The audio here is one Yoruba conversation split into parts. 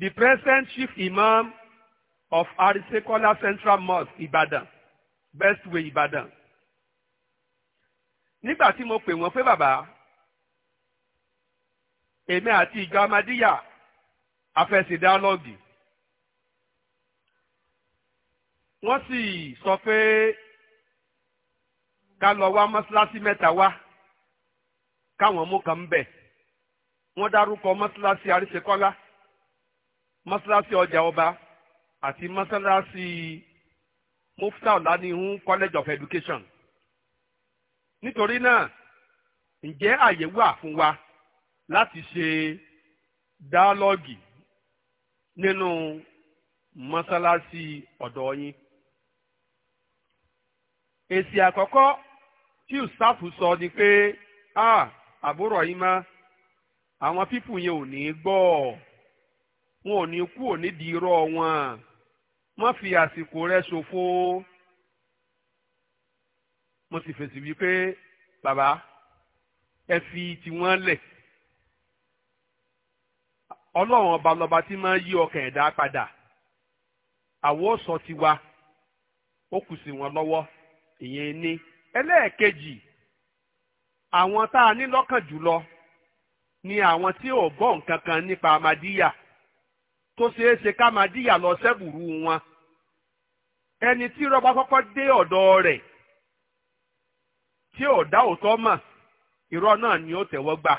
the present chief imam of Arisekola Central Mosque Ibadan Bestway Ibadan nígbà tí mo pè wọ́n pé bàbá èmi àti ìjọ amadíyà afẹsẹ̀ dáálọ́ọ̀gì wọ́n sì sọ pé ká lọ wá mọ́ṣáláṣí mẹ́ta wá káwọn mú kan bẹ̀ wọ́n dárúkọ mọ́ṣáláṣí àríṣekọ́lá Masalasi ọjà ọba àti mọ́sálásí mufta ọ̀làníhun college of education nítorí náà ǹjẹ́ àyè wà fún wa láti ṣe dáálọ́gì nínú mọ́sálásí ọ̀dọ̀ yín. èsì àkọ́kọ́ tí ìsáàfù sọ ni pé ah, àbúrò yín má àwọn pípù yẹn ò ní gbọ́ ọ wọn ò ní kú òní irọ́ wọn má fi àsìkò rẹ ṣòfò mo sì fèsì wípé bàbá ẹ fi tiwọn lẹ̀ ọlọ́run ọba lọba tí máa ń yí ọkàn ẹ̀dá padà àwọ̀ sọ tiwa ó kù sí wọn lọ́wọ́ ìyẹn ni ẹlẹ́ẹ̀kejì àwọn tá a ní lọ́kàn jùlọ ni àwọn tí ò gbọ́ nǹkan kan nípa amadíyà. tó ṣeé ṣe ká máa díyà lọ sẹ́bùrú wọn ẹni tí rọ́bà kọ́kọ́ dé ọ̀dọ̀ rẹ̀ tí ò dá òótọ́ mọ̀ náà ni ó tẹ̀wọ́ gbà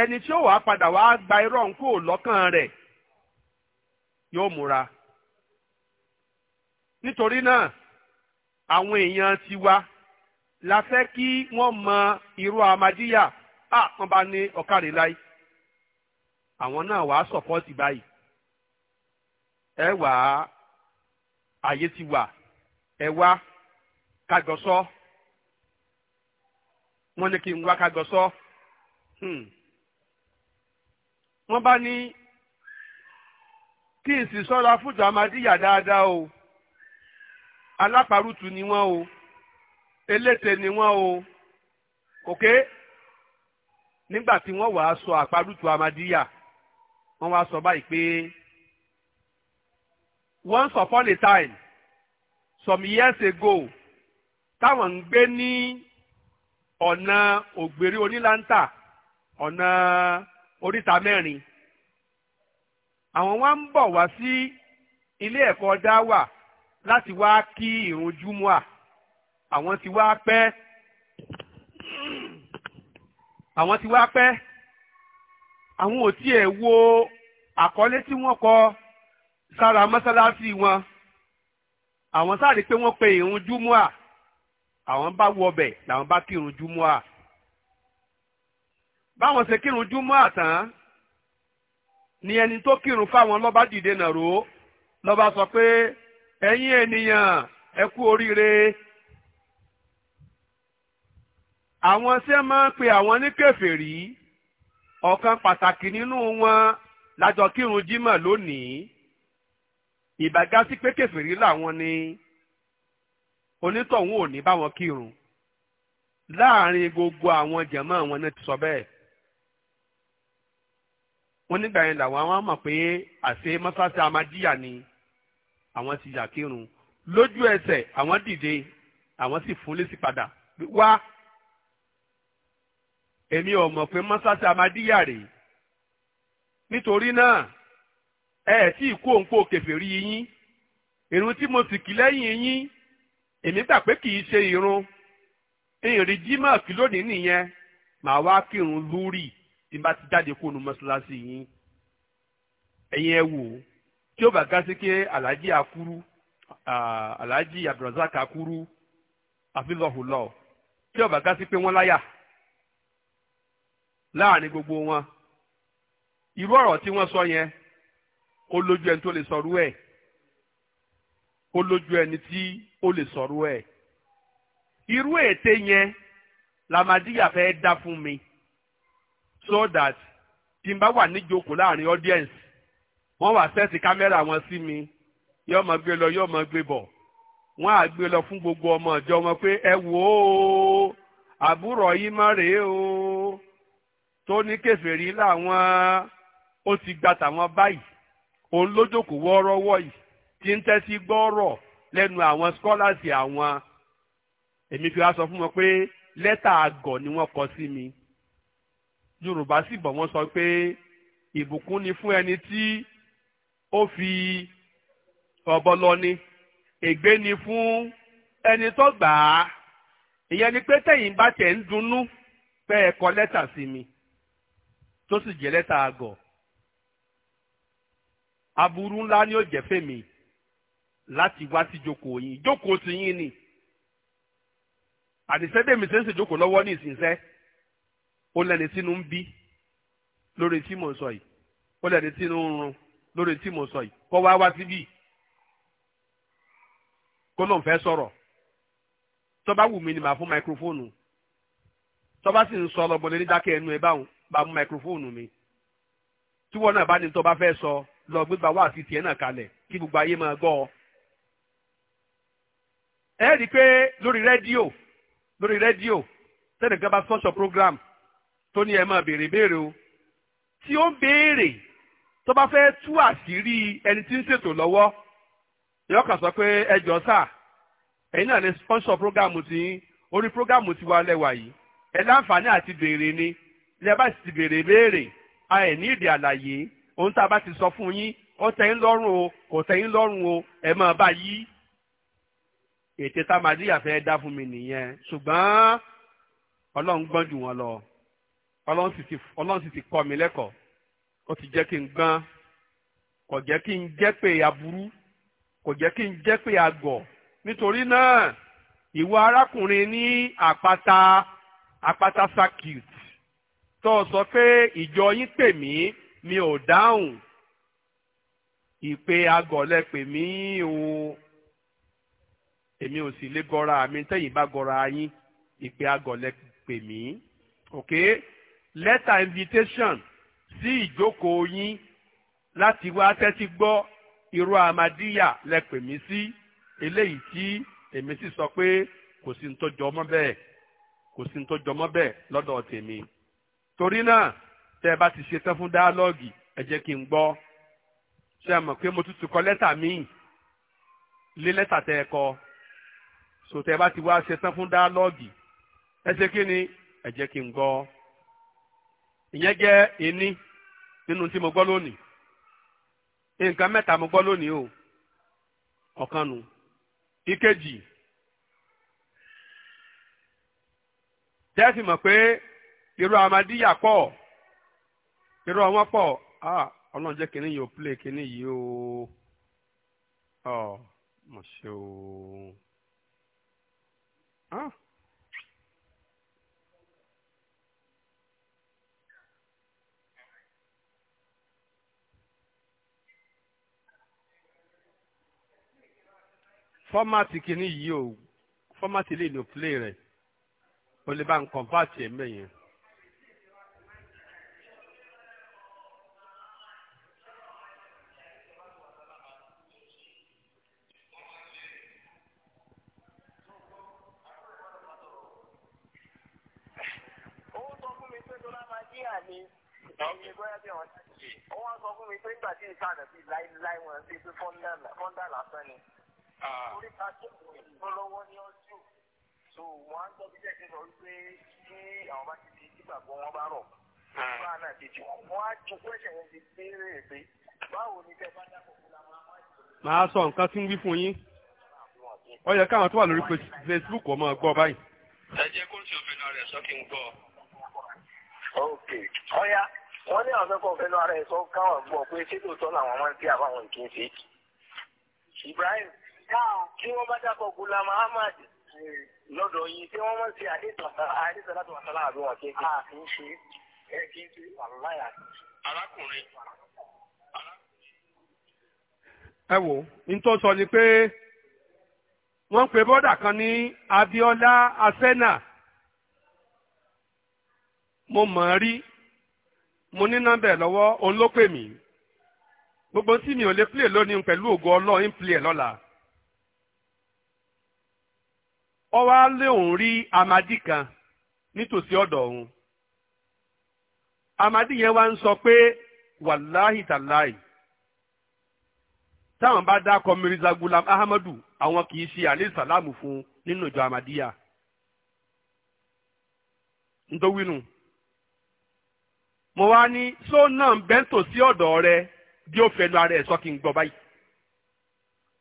ẹni tí ó wàá padà wàá gba irọ́ ń kó lọ́kàn rẹ̀ yóò múra nítorí náà àwọn èèyàn tiwa la fẹ́ kí wọ́n mọ irú amadíyà ah, ní láì àwọn náà wàá ẹ wà á àyè ti wà ẹ wá kagọsọ wọ́n ní kí n wá kagọsọ hmm. wọ́n bá ní kí n sì sọ́ra fújọ amadíyà dáadáa o alápàrútù ni wọ́n o eléte ni wọ́n o òkè nígbà tí wọ́n wàá sọ àparùtù amadíyà wọ́n wàá sọ báyìí pé once upon a time some years ago táwọn ń gbé ní ọ̀nà ògbèrè onílántà ọ̀nà oríta mẹ́rin àwọn wa ń bọ̀ wá sí ilé ẹ̀kọ́ dáwà láti wá kí ìrun júmọ́à àwọn ti wá pẹ́ àwọn ti wá pẹ́ àwọn ò tiẹ̀ wo àkọlé tí wọ́n kọ sára mọ́sálásí wọn àwọn sáré pé wọ́n pe ìrun júmọ́à àwọn bá wọ ọbẹ̀ làwọn bá kírun júmọ́à báwọn ṣe kírun júmọ́à tán ni ẹni tó kírun fáwọn lọ́ba dìde nàró lọ́ba sọ pé ẹ̀yin ènìyàn ẹ kú oríire àwọn ṣe máa ń pe àwọn ní kèfèrí ọ̀kan pàtàkì nínú wọn lájọ kírun jímọ̀ lónìí ìbágá sí pé kèfèrí làwọn ni onítọ̀hún ò ní bá wọn kírun láàrin gbogbo àwọn jẹ̀mọ́ àwọn náà ti sọ bẹ́ẹ̀ wọ́n nígbà yẹn làwọn àwọn mọ̀ pé àṣẹ mọ́sáàsì amadíyà ni àwọn ti yà kírun lójú ẹsẹ̀ àwọn dìde àwọn sì fún lésì padà wá èmi ò mọ̀ pé mọ́sáàsì amadíyà rèé nítorí náà ẹ tí ì kó òǹkó kèfèrí yín irun tí mo sì kí lẹ́yìn yín èmi gbà pé kì í ṣe irun ìrìn jimá kí lónìí nìyẹn màá wá kírun lúrì tí bá ti jáde kó nu mọ́ṣáláṣí yín ẹ̀yin ẹ wò tí ó bá ga sí pé alhaji akuru alhaji abdulrasaq akuru afilọhulọ tí ó bá ga sí pé wọ́n láyà láàrin gbogbo wọn irú ọ̀rọ̀ tí wọ́n sọ yẹn ó lójú ẹni tó lè sọrú ẹ̀ ó lójú ẹni tí ó lè sọrú ẹ̀ irú ète yẹn làmàdíyà fẹ́ dá fún mi so that tí n bá wà níjókòó láàrin audience wọ́n wá sẹ́ẹ̀tì kámẹ́rà wọn sí mi yóò máa gbé lọ yóò máa gbé bọ̀ wọ́n á gbé lọ fún gbogbo ọmọ ọ̀jọ́ wọn pé ẹ wò ó àbúrò yìí má rèé o tó ní kèfèrí làwọn ó ti gba tàwọn báyìí òun ló jókòó wọ́ọ́rọ́wọ́ yìí tí ń tẹ́sí gbọ́ọ̀rọ̀ lẹ́nu àwọn skọ́láàsì àwọn èmi fi wá sọ fún wọn pé lẹ́tà àgọ̀ ni wọ́n kọ sí mi yorùbá sì bọ̀ wọ́n sọ pé ìbùkún ni fún ẹni tí ó fi ọ̀bọ lọ ni ègbé ni fún ẹni tó gbà á ìyẹn ni pé tẹ̀yìn bá tẹ̀ ń dunnú pé ẹ kọ lẹ́tà sí mi tó sì jẹ́ lẹ́tà àgọ̀ aburú ńlá ni ó jẹ́ fèmí láti wá sí ìjókòó yín ìjókòó ti yín ni àdìsẹ́dẹ̀mí ṣe ń ṣèjókòó lọ́wọ́ ní ìsinsẹ́ ó lẹ́ni sínú ń bí lórí tí mò ń sọ yìí ó lẹ́ni sínú ń run lórí tí mò ń sọ yìí kọ́ wá wá síbí kó ló ń fẹ́ sọ̀rọ̀ tó wù mí ni màá fún máikrófóònù tó sì ń sọ ọlọ́gbọ́n lé ní dákẹ́ ẹnu ẹ bá mú máikrófóònù mi tí wọ́n náà bá ní tó fẹ́ sọ. So, lọ gbégbá wá àti tiẹ̀ náà kalẹ̀ kí gbogbo ayé máa gbọ́ ọ. ẹ rí i pé lórí rédíò lórí rédíò program tó ní ẹ máa béèrè béèrè o tí ó ń béèrè tó bá fẹ́ tú àṣírí ẹni tí ń ṣètò lọ́wọ́ yọ kàn sọ pé ẹ jọ sà ẹ̀yin náà ní program ti orí program ti wà lẹ́wà yìí ẹ láǹfààní àti ni ilé bá sì ti béèrè béèrè a ẹ̀ ní ohun tá a bá ti sọ fún yín ó tẹ́ yín lọ́rùn o kò tẹ́ yín lọ́rùn o ẹ máa bá yí. ètè tá màdíyà fẹ́ dá fún mi nìyẹn ṣùgbọ́n ọlọ́run gbọ́n jù wọ́n lọ ọlọ́run sì ti kọ́ mi lẹ́kọ̀ọ́ ó ti jẹ́ kí n gbọ́n kò jẹ́ kí n jẹ́ pé aburú kò jẹ́ kí n jẹ́ pé agọ̀ nítorí náà ìwọ arákùnrin ní àpáta àpáta circuit tó sọ pé ìjọ yín pè mí mi ò dáhùn ìpè agọ̀lẹ́ pè mí o èmi ò sì lè gọra mi tẹ́yìn bá gọra yín ìpè agọ̀lẹ́ pè mí ok lẹ́tà invitation sí ìjókòó yín láti wá tẹ́tí gbọ́ irú amadíyà lẹ pè mí sí eléyìí tí èmi sì sọ pé kò sí ní tó jọmọ́ bẹ́ẹ̀ kò sí ní tó jọmọ́ bẹ́ẹ̀ lọ́dọ̀ tèmi torí náà tẹ́ ẹ bá ti ṣetán fún dáálọ́ọ̀gì ẹ jẹ́ kí n gbọ́ ṣé ẹ mọ̀ pé mo tútù kọ lẹ́tà míì lé lẹ́tà tẹ́ ẹ kọ so tẹ́ ẹ bá ti wá ṣetán fún dáálọ́ọ̀gì ẹ ṣe kí ni ẹ jẹ́ kí n gbọ́ ìyẹn jẹ́ ení nínú tí mo gbọ́ lónìí nǹkan mẹ́ta mo gbọ́ lónìí o ọ̀kan nù ìkejì tẹ́sí mọ̀ pé irú amadíyà pọ̀ irú àwọn pọ̀ ọlọ́run jẹ́ kínní yìí ó play kínní yìí ó ọ mọ̀ ṣe o. fọ́mátì kínní yìí ó fọ́mátì lè lò play rẹ̀ o lè bá ń convert ẹ̀ mẹ́yìn. díà ni ẹ̀yin gbọ́dọ̀ bí wọ́n ti ṣe. ó wá sọ fún mi pé nígbà tí ìsàdà bíi láíláí wọn ṣe pé fọ́ńdà lásán ni. Ah. orí ká tó kò lọ́wọ́ ní ọ́sù. so wọ́n á gbọ́ bí jẹ́ sọ wípé tí àwọn bá ti di ìgbàgbọ́ wọn bá rọ̀. Ah. bá a náà ti jù wọ́n á ju pẹ́sẹ̀ yẹn ti béèrè pé báwo ni tẹ́ bá dákọ̀ fún sọ nǹkan tí ń wí fún yín ó yẹ káwọn tó wà lórí Facebook ọmọ gbọ́ báyìí. ẹ jẹ́ kó ń ṣe òfin náà rẹ̀ sọ́kì ń gbọ́ ọ ok ọ̀ya wọ́n ní àwọn fẹ́kọ̀ọ́ fẹ́ lọ́wọ́ ara ẹ̀ sọ káwọn gbọ́ pé ṣé lóòótọ́ làwọn máa ń tí àbáwọn ìkí ń ṣe Ibrahim tí wọ́n bá dákọ̀ Gulama Ahmad lọ́dọ̀ yìí tí wọ́n máa ń ṣe àdéṣà láti wà sálà àbí wọn kí n ṣe ẹ kí n ṣe wàláyà. arákùnrin ẹ wò ní tó sọ ni pé wọ́n pe bọ́dà kan ní Abíọ́lá Asena mo mọ̀ ọ́n rí mo ní nọ́mbà ẹ̀ lọ́wọ́ òun ló pè mí gbogbo tí mi ò lè play lónìí pẹ̀lú ògo ọlọ́run ń play ẹ̀ lọ́la. ó wá lé òun rí amadi kan nítòsí ọ̀dọ̀ òun amadi yẹn wá ń sọ pé wàláhì tàláì táwọn bá dákọ mirza gulam ahmadu àwọn kì í ṣe àlẹ́ sàlámù fún nínú ìjọ amadiya ntọ́wínú mo wá ní ṣó náà ń bẹ́ńtò sí ọ̀dọ̀ rẹ bí ó fẹnu ara ẹ̀ sọ kí n gbọ́ báyìí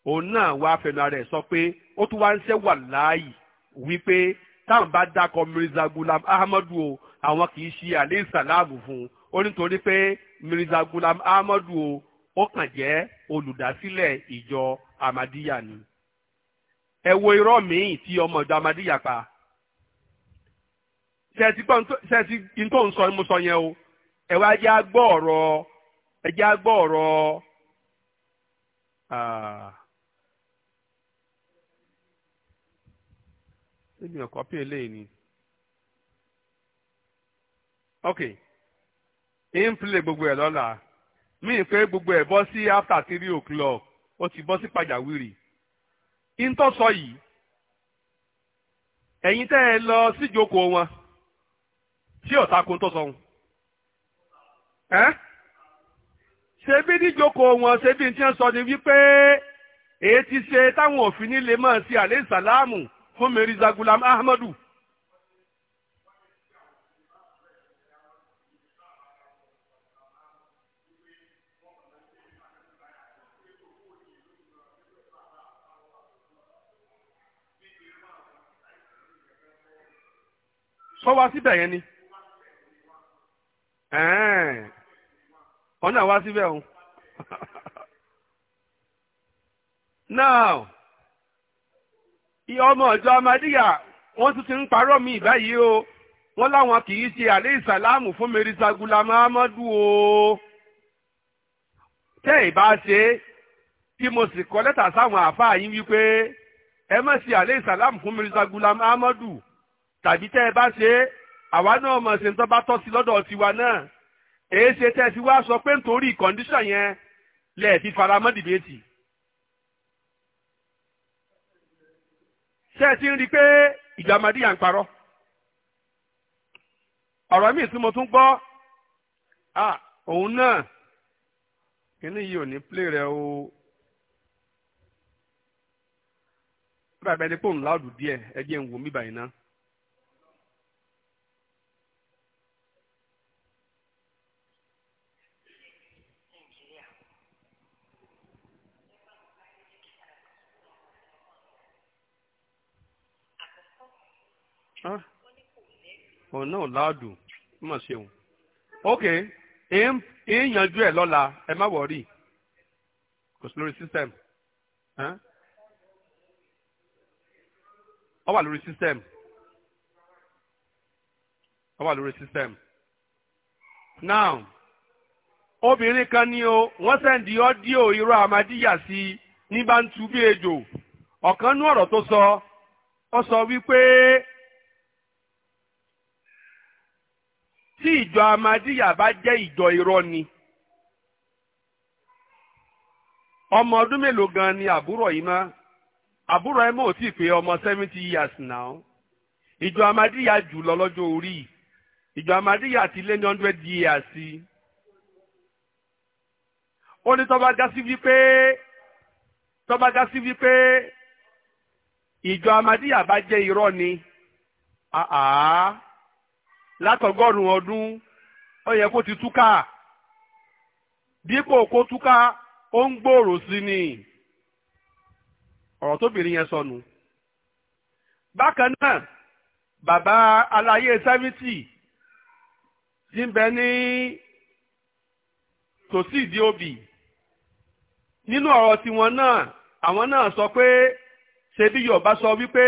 òun náà wá fẹnu ara ẹ̀ sọ pé ó tún wá ń ṣe wà láàyè wípé táwọn bá dákọ Mirza Gulam Ahmadu o àwọn kì í ṣe àlẹ́ ìsàlámù fún un ó nítorí pé Mirza Gulam Ahmadu o ó kàn jẹ́ olùdásílẹ̀ ìjọ Ahmadiyya ni ẹ wo irọ́ míì tí ọmọ ìjọ Ahmadiyya pa ṣe ti gbọ́ ní tó ń sọ ní mo sọ yẹn o ẹ wá jẹ́ agbọ́ ọ̀rọ̀ ẹ jẹ́ agbọ́ ọ̀rọ̀ èmi eléyìí ni ok gbogbo lọ́la mí ń pé gbogbo ẹ̀ bọ́ sí after three o'clock ó ti pàjáwìrì sọ yìí ẹ̀yin tẹ ẹ lọ síjókòó wọn tí ọ̀tá kò ń tọ́ sọ ṣebí níjókòó wọn ṣebí tí wọ́n sọ ni wípé èyí ti ṣe táwọn òfin nílé mọ̀ sí alẹ́ ìsàlámù fún Mirza Gulam Ahmadu. sọ wá síbẹ̀ yẹn ni ọ̀nà wá síbẹ̀ o. now ọmọ ọjọ́ amadíyà wọ́n tún ti ń parọ́ mi báyìí o wọ́n láwọn kì í ṣe àlẹ́ ìsàlámù fún Mirza Ghulam Ahmadu o. tẹ́ ì bá ṣe tí mo sì kọ lẹ́tà sáwọn àáfàá yín wípé ẹ má ṣe àlẹ́ ìsàlámù fún Mirza Ghulam tàbí tẹ́ ẹ bá ṣe àwa náà mọ̀ ṣe ń tọ́ bá tọ́ sí lọ́dọ̀ tiwa náà èé ṣe tẹ́ ẹ ti wá sọ pé nítorí kọ́ndíṣàn yẹn lẹ́ẹ̀ fi faramọ́ dìbẹ́tì. ṣé ẹ ti ń rí i pé ìjà màdíyà ń parọ́ ọ̀rọ̀ míì tí mo tún gbọ́ òun náà kíní yìí ò ní plé rẹ o bàbá ẹni pé òun láàdù díẹ̀ ẹ jẹ́ ń wò mí báyìí náà. òun náà láàdù mọ̀ ṣeun ok ìyànjú ẹ̀ lọ́la ẹ má wọ̀rí kò sí lórí system ọ wà lórí system ọ wà lórí system now obìnrin kan ni o wọ́n sẹ́ndì ọ́díò irọ́ amadíyà sí ní bá ń tu bí ejò ọ̀kan nú ọ̀rọ̀ tó sọ ọ sọ wípé. tí ìjọ amadíyà bá jẹ́ ìjọ irọ́ ni ọmọ ọdún mélòó gan ni àbúrò yìí máa àbúrò ẹ mọ̀ ò pé ọmọ seventy years now ìjọ amadíyà jù lọ lọ́jọ́ orí ìjọ amadíyà ti lé ní hundred years sí i ó ní tọ́ba ga sí wípé tọ́ba ga sí wípé ìjọ amadíyà bá jẹ́ irọ́ ni àá. Ah, ah. látọgọ́rùn ọdún ó yẹ kó ti túká dípò kó túká ó ń gbòòrò sí ni ọ̀rọ̀ tóbìnrin yẹn sọnù. bákan náà bàbá aláyé sẹ́fìtì ti ń bẹ ní tòsí ìdí òbí nínú ọ̀rọ̀ tiwọn náà àwọn náà sọ pé ṣebí yorùbá sọ wípé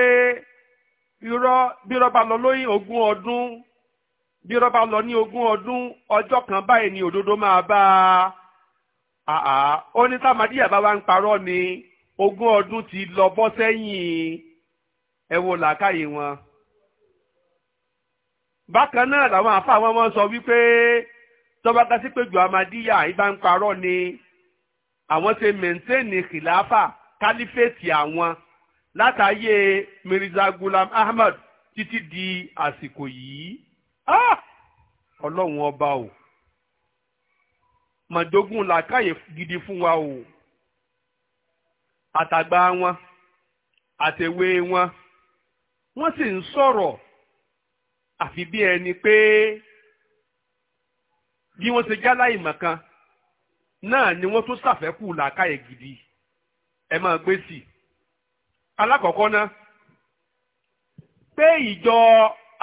irọ́ bí rọ́bà lọ lóyún ogún ọdún bí rọ́bà lọ ní ogún ọdún ọjọ́ kan báyìí ni òdodo máa bá a àà ó ní sàmádìyà bá wa ń parọ́ ni ogún ọdún ti lọ bọ́ sẹ́yìn ẹ wo làákàyè wọn. bákan náà làwọn àfáà wọn máa sọ wípé tọ́ba ká sí péjọ amadíyà ìbá ń parọ́ ni àwọn ṣe mẹ̀ńtẹ́ẹ̀nì kìláfà kálífẹ̀tì àwọn látàyè Mirza Gulam Ahmad títí di àsìkò yìí. Ah! ọlọ́run ọba o mọ̀jogún làákàyè gidi fún wa o àtàgbà wọn àtẹ̀wé wọn wọ́n sì ń sọ̀rọ̀ àfi bí ẹni pé bí wọ́n ṣe jálá ìmọ̀kan náà ni wọ́n tún ṣàfẹ́kù làákàyè gidi ẹ máa gbé sí i alákọ̀ọ́kọ́ náà pé ìjọ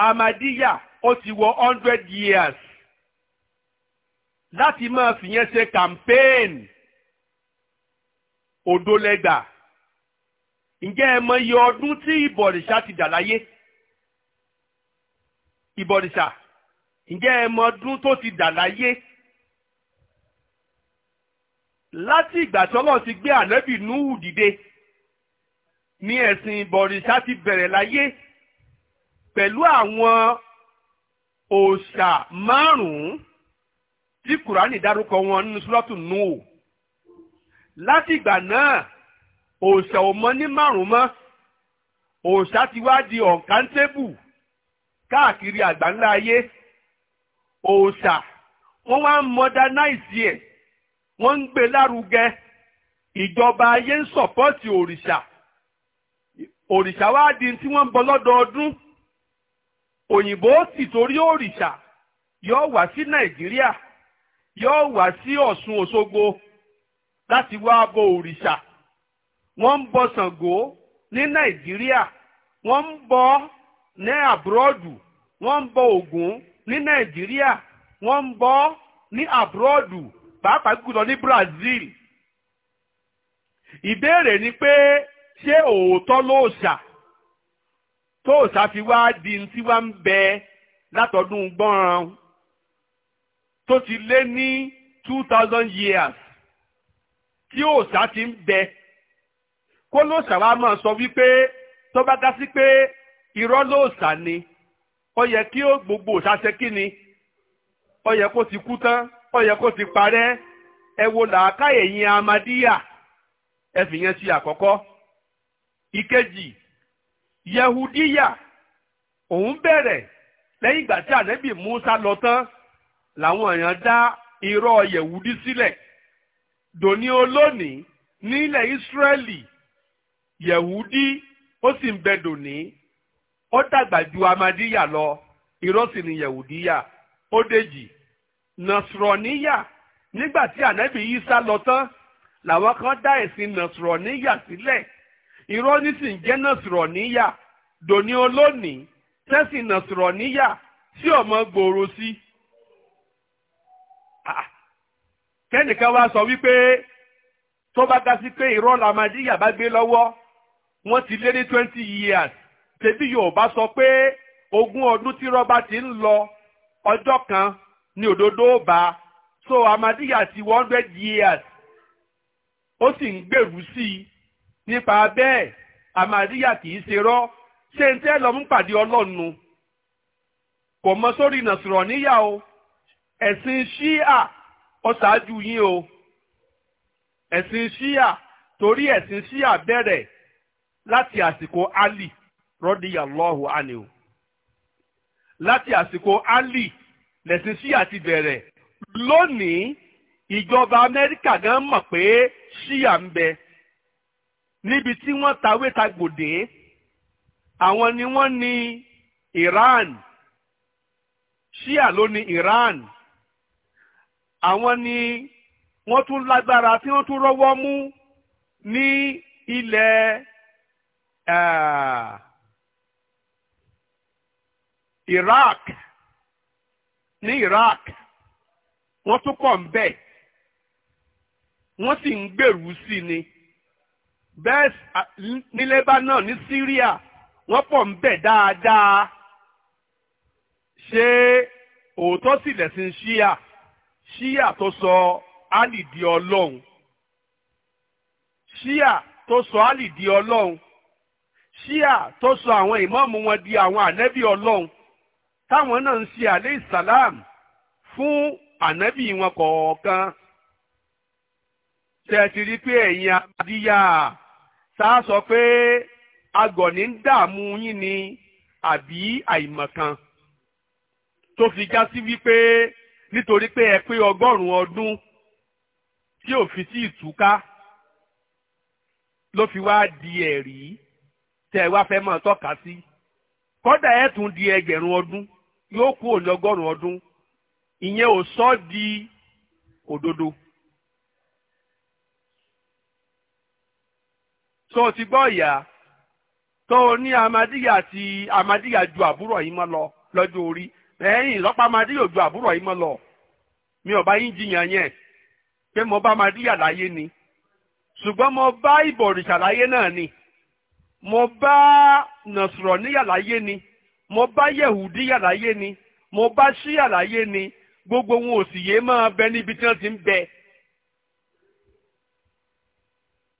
amadíyà ó ti wọ hundred years láti máa fìyẹn ṣe campaign odolẹ́gbà ǹjẹ́ ẹ mọ iye ọdún tí ìbọ̀rìṣà ti dà láyé ìbọ̀rìṣà ǹjẹ́ ẹ mọ ọdún tó ti dà láyé láti ìgbà tí ọlọ́run ti gbé ànábì núhù dìde ni ẹ̀sìn ìbọ̀rìṣà ti bẹ̀rẹ̀ láyé pẹ̀lú àwọn òòṣà márùn-ún tí kùránì dárúkọ wọn nínú súlọ́tù nù láti ìgbà náà òòṣà ò mọ ní márùn-ún mọ́ ti wá di ọ̀ǹkántébù káàkiri àgbáńlá ayé òòṣà wọ́n wá ń mọ́dánáìsì ẹ̀ wọ́n ń gbé lárugẹ ìjọba ayé ń wá di òyìnbó sì torí òrìṣà yóò wá sí nàìjíríà yóò wá sí ọ̀ṣun òṣogbo láti wá bọ òrìṣà wọ́n ń bọ ní nàìjíríà wọ́n ń bọ ní àbúrọ́dù wọ́n ń bọ ògún ní nàìjíríà wọ́n bọ ní àbúrọ́dù pàápàá ní brazil ìbéèrè ni pé ṣé òótọ́ ló ṣà tó ṣàfiwá di tí wá ń bẹ látọdún gbọ́nran tó ti lé ní two thousand years tí òòṣà ti ń bẹ kó lóòṣà wa máa sọ wípé tó bá dá sí pé irọ́ lóòṣà ni ó yẹ kí ó gbogbo òòṣà ṣe kí ni ó yẹ kó ti kú tán ó yẹ kó ti parẹ́ ẹ wo làákàyè yín amadíyà ẹ fìyẹn sí àkọ́kọ́ ìkejì yehudiya òun bẹ̀rẹ̀ lẹ́yìn ìgbà tí ànábì musa lọ tán làwọn èèyàn dá irọ́ yehudi sílẹ̀ dòní olónìí nílẹ̀ israẹli yehudi ó sì ń bẹ dòní ó dàgbà ju amadiya lọ irọ́ sì ni yehudiya ó dèjì nasrọ̀níyà nígbà tí ànábì isa lọ tán làwọn kan dá ẹ̀sìn nasrọ̀níyà sílẹ̀. Si irọ́ nísìn jẹ́ nàṣùrọ̀ níyà dòní olónìí tẹ́sìn nàṣùrọ̀ níyà tí ọmọ gbòòrò sí. Ah, kẹ́nìkan wá sọ wípé tó bá ga sí pé irọ́ làmàdíyà bá gbé lọ́wọ́ wọ́n ti lé ní twenty years tẹ̀bí yorùbá sọ pé ogún ọdún tí rọ́bà ti ń lọ ọjọ́ kan ní òdodo ó so amadiya ti one hundred years ó sì ń gbèrú sí i nípa bẹ́ẹ̀ àmàdíyà kì í ṣe rọ́ ṣé n tẹ́ lọ́mú pàdé ọlọ́nu kò mọ sórí nàṣùrọ̀ níyà o ẹ̀sìn ṣíà ọ̀ṣáájú yín o ẹ̀sìn ṣíà torí ẹ̀sìn ṣíà bẹ̀rẹ̀ láti àsìkò Ali rọ́díyàlọ́hù àníò láti àsìkò Ali lẹ̀sìn ṣíà ti bẹ̀rẹ̀ lónìí ìjọba Amẹ́ríkà gan mọ̀ pé ṣíà ń bẹ níbi tí wọ́n tawé tagbòdè àwọn ni wọ́n ni Iran Shia ló ní Iran àwọn ni wọ́n tún lágbára tí wọ́n tún rọ́wọ́ mú ní ilẹ̀ uh, Iraq ní Iraq wọ́n tún kọ̀ ń bẹ̀ wọ́n sì ń gbèrú sí ni bẹ́ẹ̀ ní Lebanon ní Syria wọ́n pọ̀ ń bẹ̀ dáadáa ṣé òótọ́ sì lẹ̀sìn ṣíà ṣíà tó sọ Álì di ọlọ́run ṣíà tó sọ Álì di ọlọ́run ṣíà tó sọ àwọn ìmọ̀ọ́mù wọn di àwọn ànẹ́bí ọlọ́run táwọn náà ń ṣe àlẹ́ ìsàlám fún ànẹ́bí wọn kọ̀ọ̀kan ṣe rí pé ẹ̀yin abadíyà. sáà sọ pé agọ̀ní ń dààmú yín ni àbí àìmọ̀kan tó fi já sí wípé nítorí pé ẹ pé ọgọ́rùn-ún ọdún tí ò fi sí ìtúká ló fi wá di ẹ̀rí tẹ́ ẹ wá fẹ́ máa tọ́ka sí kódà ẹ̀ tún di ẹgbẹ̀rún ọdún yóò kú òní ọgọ́rùn-ún ọdún ìyẹn ò sọ di òdodo. tó o ti gbọ́ ìyá tó o ní amadíyà ti amadíyà ju àbúrò yìí mọ́ lọ lọ́jọ́ orí ẹ̀yìn lọ́pàá amadíyà ju àbúrò yìí mọ́ lọ mi ò bá yín jiyàn yẹn pé mo bá amadíyà láyé ni ṣùgbọ́n mo bá ìbọ̀rìṣà láyé náà ni mo bá nàṣùrọ̀ níyà láyé ni mo bá yẹ̀hùdíyà láyé ni mo bá ṣíyà láyé ni gbogbo wọn ò sì yé máa bẹ níbi tí wọ́n ti ń bẹ